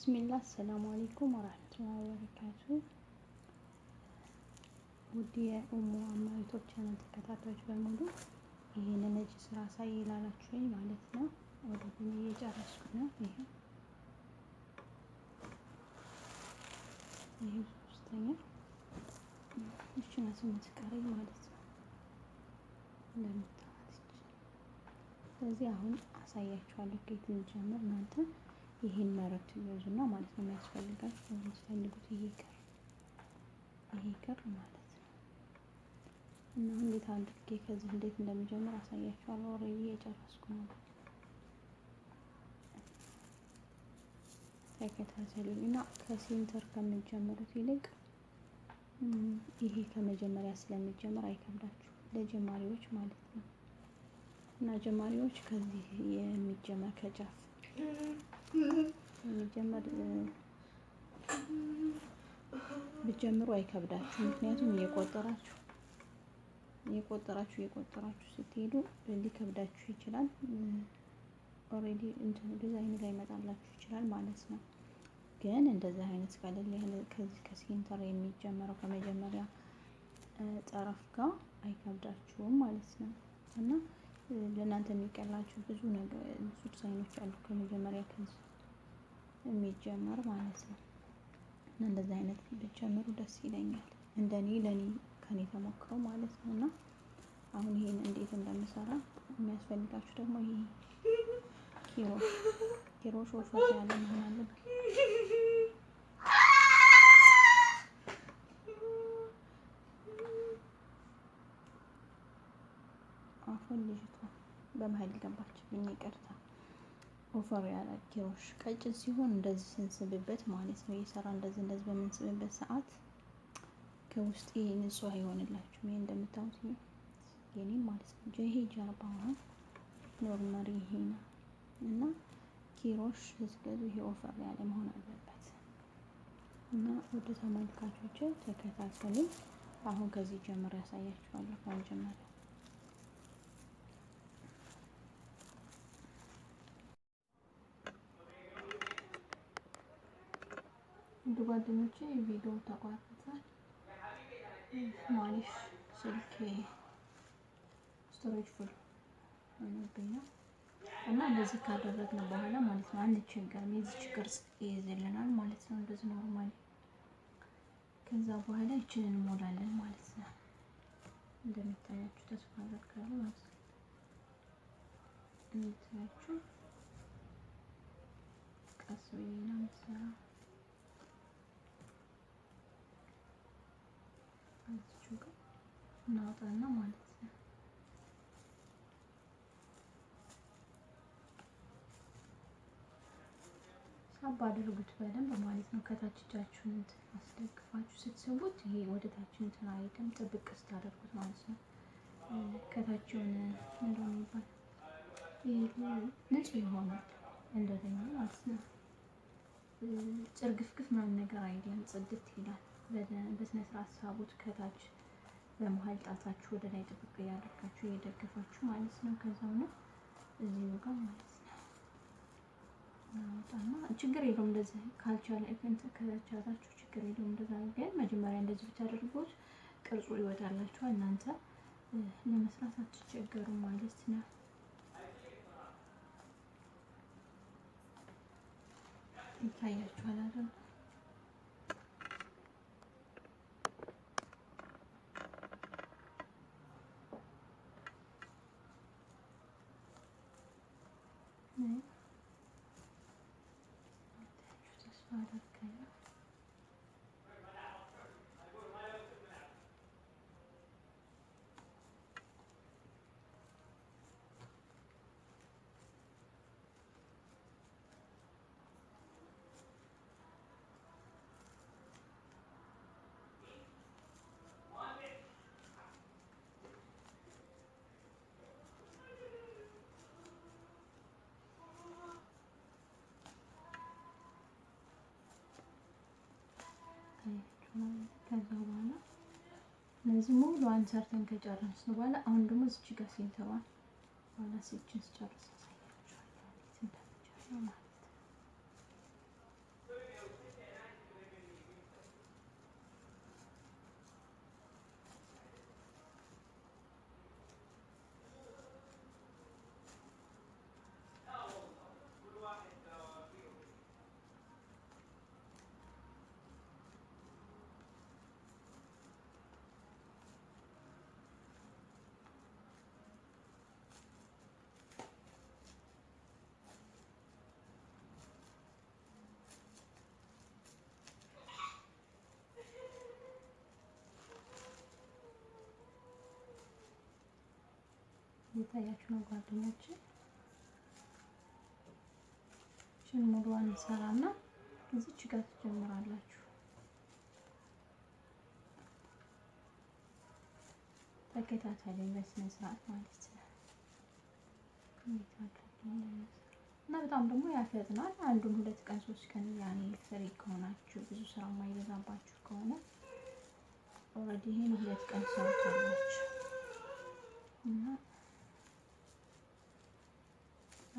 ብስሚላ አሰላሙ አሌይኩም ወራህመቱላሂ ወበረካቱ። ውድ የኡሙ አማሪቶች ቻናል ተከታታዮች በሙሉ ይህንን እጅ ስራ አሳይ ይላላችሁኝ ማለት ነው። ወደ ጎን እየጨረስኩ ነው። ይሄ ይሄ ሶስተኛ እችና ስምንት ቀረኝ ማለት ነው። እንደምታዋት ስለዚህ አሁን አሳያችኋለሁ ከየት እንጀምር እናንተ ይሄን መረብ ትይዙና ማለት ነው የሚያስፈልጋችሁ የምትፈልጉት ይሄ ክር ይሄ ክር ማለት ነው። እና እንዴት አድርጌ ከዚህ እንዴት እንደሚጀምር አሳያችኋለሁ። ኦልሬዲ የጨረስኩ ነው። ተከታተሉኝ እና ከሴንተር ከምትጀምሩት ይልቅ ይሄ ከመጀመሪያ ስለሚጀምር አይከብዳችሁ ለጀማሪዎች ማለት ነው። እና ጀማሪዎች ከዚህ የሚጀመር ከጫፍ የሚጀመር ብትጀምሩ አይከብዳችሁ። ምክንያቱም እየቆጠራችሁ እየቆጠራችሁ እየቆጠራችሁ ስትሄዱ ሊከብዳችሁ ይችላል። ኦልሬዲ እንትን ዲዛይን ላይ ይመጣላችሁ ይችላል ማለት ነው። ግን እንደዚህ አይነት ቀለል ያለ ከዚህ ከሴንተር የሚጀመረው ከመጀመሪያ ጠረፍ ጋር አይከብዳችሁም ማለት ነው እና ለእናንተ የሚቀላችሁ ብዙ ብዙ ዲዛይኖች አሉ። ከመጀመሪያ ከዚህ የሚጀመር ማለት ነው እና እንደዚህ አይነት ብትጀምሩ ደስ ይለኛል። እንደኔ ለኔ ከኔ ተሞክረው ማለት ነው እና አሁን ይሄን እንዴት እንደምሰራ የሚያስፈልጋችሁ ደግሞ ይሄ ኪሮሽ ኪሮሽ ወፈር ያለ መሆን አለበት። ሳይሆን ልጅቷ በመሀል ገባችብኝ። ይቅርታ ኦፈር ያለ ኪሮሽ ቀጭን ሲሆን እንደዚህ ስንስብበት ማለት ነው የሰራ እንደዚህ እንደዚህ በምንስብበት ሰዓት ከውስጥ ንጹህ አይሆንላችሁ። ይሄ እንደምታዩት የኔ ማለት ነው ይሄ ጀርባ ነው ኖርማል ይሄ ነው እና ኪሮሽ ስትገዙ ይሄ ኦፈር ያለ መሆን አለበት። እና ወደ ተመልካቾች ተከታተሉ። አሁን ከዚህ ጀምር ያሳያችኋለሁ ከመጀመሪያ እንደ ጓደኞቼ ቪዲዮ ተቋርጧል። ማለሽ ስልክ ስቶሬጅ ፉል የሚገኘው እና እንደዚህ ካደረግን በኋላ ማለት ነው አንድ ችግር የዚች ቅርጽ ይይዝልናል ማለት ነው። እንደዚህ ኖርማል ከዛ በኋላ ይችን እንሞላለን ማለት ነው። እንደሚታያችሁ ተስፋ አደርጋለሁ ማለት ነው። እንደሚታያችሁ ቀስ ብዬ ነው የምሰራው እናወጣና ማለት ነው። ሳብ አድርጉት በደንብ ማለት ነው። ከታች እጃችሁን እንትን አስደግፋችሁ ስትስቡት ይሄ ወደ ታች እንትን አይልም። ጥብቅ ስታደርጉት ማለት ነው። ከታች የሆነ እንደሆነ ይባላል። ንጹህ ይሆናል እንደገና ማለት ነው። ጭርግፍግፍ ምናምን ነገር አይልም። ጽድት ይላል። በስነ ስርዓት ሳቡት ከታች በመሀል ጣታችሁ ወደ ላይ ጥብቅ እያደረጋችሁ እየደገፋችሁ ማለት ነው። ከዛው ነው እዚህ ጋር ማለት ነው እና ችግር የለውም እንደዚህ ካልቻለ ከቻላችሁ ችግር የለውም። እንደዛ ግን መጀመሪያ እንደዚህ ብታደርጉት ቅርጹ ይወጣላችኋል። እናንተ ለመስራት አትቸገሩም ማለት ነው። ይታያችኋል አይደል? 알아. ከዛ በኋላ እነዚህ ሙሉ አንሰርተን ከጨረስን በኋላ አሁን ደግሞ እዚች ጋር ሴንተሯን በኋላ ስችን ስጨርስ ያሳያቸዋል ማለት እየታያችሁ ነው ጓደኞች። ሽን ሙሉዋን እንሰራና እዚች ጋር ትጀምራላችሁ። ተከታታይ በስነ ስርዓት ማለት ነው። እና በጣም ደግሞ ያፈጥናል። አንዱን ሁለት ቀን ሶስት ቀን ያኔ ፍሪ ከሆናችሁ ብዙ ስራ የማይበዛባችሁ ከሆነ ኦልሬዲ ይሄን ሁለት ቀን ሰርታላችሁ እና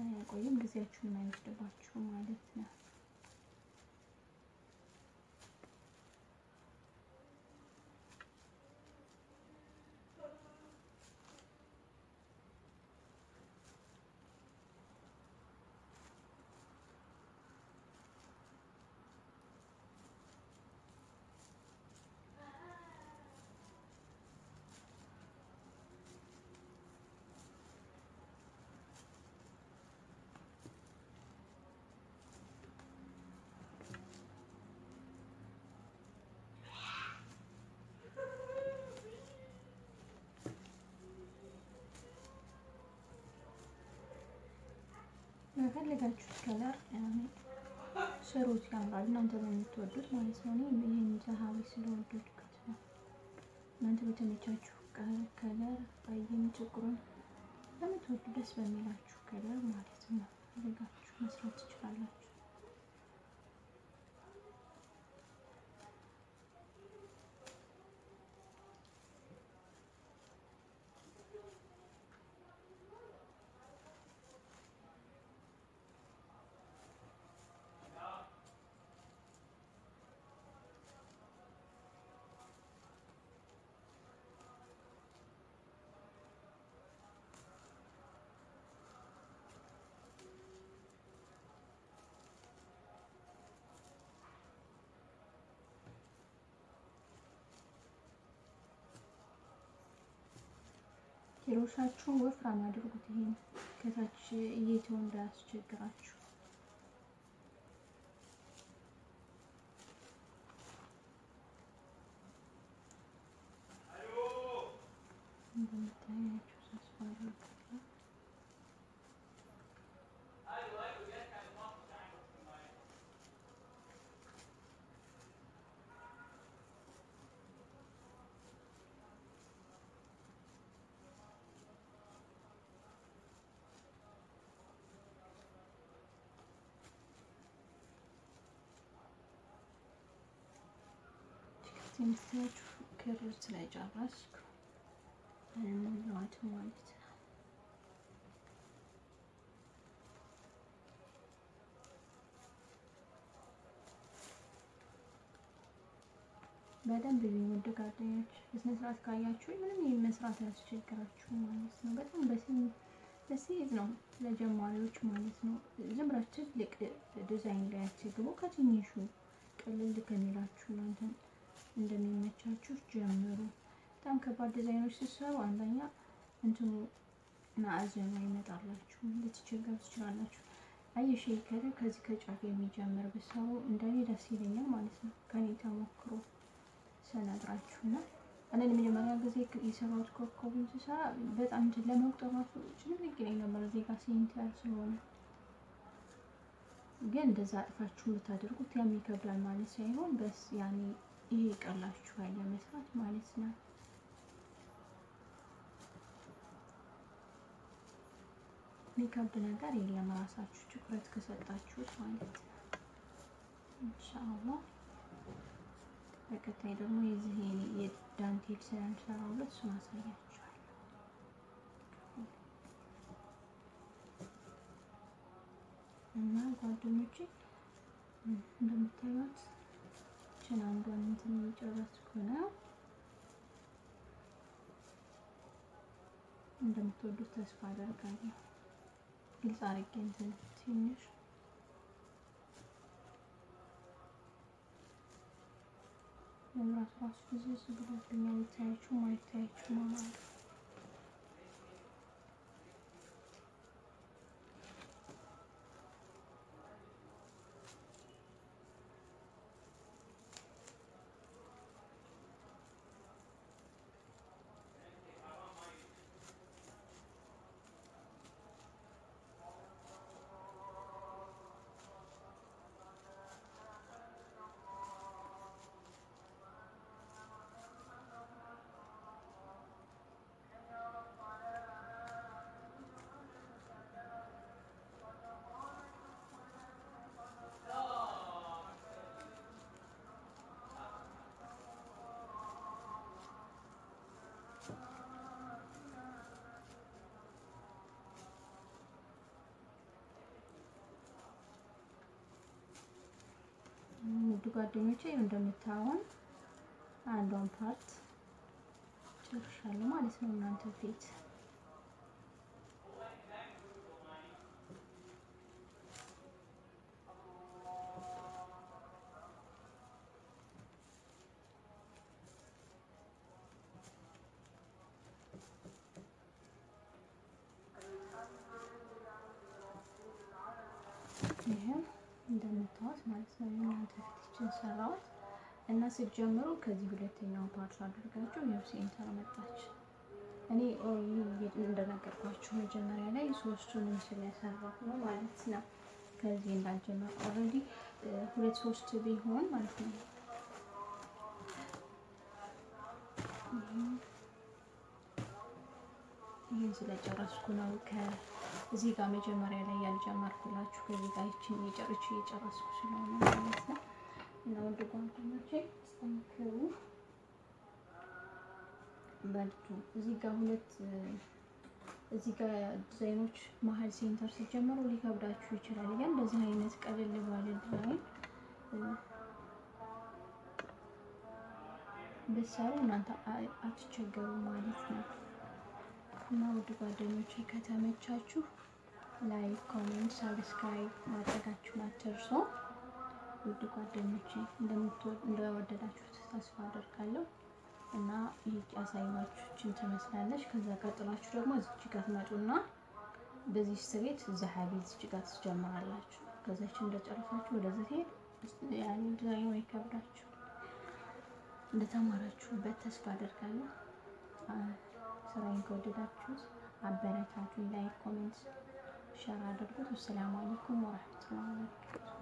አያቆይም፣ ጊዜያችሁን አይወስድባችሁ ማለት ነው። በፈለጋችሁት ከለር ስሩት፣ ያምራል። እናንተ በምትወዱት ማለት ነው። እኔ ይህን ዘሀዊ ስለወደድኩት ነው። እናንተ በተመቻችሁ ከለር ቀይም፣ ጥቁሩን በምትወዱ ደስ በሚላችሁ ከለር ማለት ነው መስራት ትችላላችሁ። ኪሎሻችሁን ወፍራም አድርጉት። ይሄን ከታች እየተው እንዳያስቸግራችሁ። እንደምታያችሁ ተስፋ የምታያችሁ ክሮች ላይ ጨረስኩ ሙላዋት ማለት ነው። በደንብ የሚወድ ጓደኞች በስነ ስርዓት ካያችሁ ምንም መስራት ያስቸግራችሁ ማለት ነው። በጣም በሲዝ ነው ለጀማሪዎች ማለት ነው። ዝም ብላችሁ ትልቅ ዲዛይን ላይ አትግቡ። ከትንሹ ቀለል ከሚላችሁ እናንተን እንደሚመቻችሁ ጀምሩ። በጣም ከባድ ዲዛይኖች ሲሰሩ አንደኛ እንትኑ ማዕዘኑ ይመጣላችሁ፣ ልትቸገሩ ትችላላችሁ። አየሽ ከደ ከዚህ ከጫፍ የሚጀምር ብሰሩ እንደኔ ደስ ይለኛል ማለት ነው። ከኔ ተሞክሮ ስነግራችሁ እና እኔ ለመጀመሪያ ጊዜ የሰራሁት ኮከቡን ስሰራ በጣም እንትን ለመቁጠር ራሱ ጭንቅ ይለኝ ነበር። ዜጋ ጋር ሴንተር ስለሆነ ግን እንደዛ አጥፋችሁ ያም ይከብዳል ማለት ሳይሆን በስ ያኔ ይሄ ቀላችኋል ለመስራት ማለት ነው። ሚከብድ ነገር የለም ራሳችሁ ትኩረት ከሰጣችሁት ማለት ነው። ኢንሻአላህ በቀጣይ ደግሞ የዚህ የዳንቴል ስራ እንሰራለን። እሱን አሳያችኋለሁ። እና ጓደኞቼ እንደምታዩት እችን አንዷን እንትን እየጨረስኩ ነው። እንደምትወዱት ተስፋ አደርጋለሁ። ግልጽ አድርጌ እንትን ትንሽ መብራት ራሱ ብዙ ዝግሎብኛል። ይታያችሁ ማይታያችሁ ማለት ውድ ጓደኞቼ እንደምታዩን አንዷን ፓርት ጨርሻለሁ ማለት ነው እናንተ ፊት ይሄ እንደምታዩት ማለት ነው። እናንተ ፊትችን ሰራሁት እና ስትጀምሩ ከዚህ ሁለተኛው ፓርት አድርጋችሁ ነፍሴ ኢንተር መጣች። እኔ እንደነገርኳችሁ መጀመሪያ ላይ ሶስቱንም ስለሰራሁ ነው ማለት ነው። ከዚህ እንዳልጀመር ኦልሬዲ ሁለት ሶስት ቢሆን ማለት ነው። ይህን ስለጨረስኩ ነው ከ እዚህ ጋር መጀመሪያ ላይ ያልጀመርኩላችሁ ከዚህ ጋር ይችን የጨርች እየጨረስኩ ስለሆነ ማለት ነው። እና ወደ ጓደኞቼ ጠንክሩ በልቱ። እዚህ ጋር ሁለት እዚህ ጋር ዲዛይኖች መሀል ሴንተር ሲጀመሩ ሊከብዳችሁ ይችላል። ያ እንደዚህ አይነት ቀለል ባለ ዲዛይን ብትሰሩ እናንተ አትቸገሩ ማለት ነው። እና ውድ ጓደኞቼ ከተመቻችሁ ላይክ፣ ኮሜንት፣ ሰብስክራይብ ማድረጋችሁን አትርሱ። ውድ ጓደኞቼ እንደወደዳችሁት ተስፋ አደርጋለሁ እና ይህች ያሳየኋችሁችን ትመስላለች። ከዛ ቀጥላችሁ ደግሞ እዚች ጋር ትመጡና በዚህ ስቤት ዛሀቢ እዚች ጋር ትጀምራላችሁ። ከዛችን እንደጨረሳችሁ ወደዚህ ሄድ ዲዛይን ወይ ከብዳችሁ እንደተማራችሁበት ተስፋ አደርጋለሁ። ስራዬን ከወደዳችሁ አበረታቱኝ። ላይክ፣ ኮሜንት፣ ሸር አድርጉት። አሰላሙ አለይኩም ወራህመቱላሂ ወበረካቱ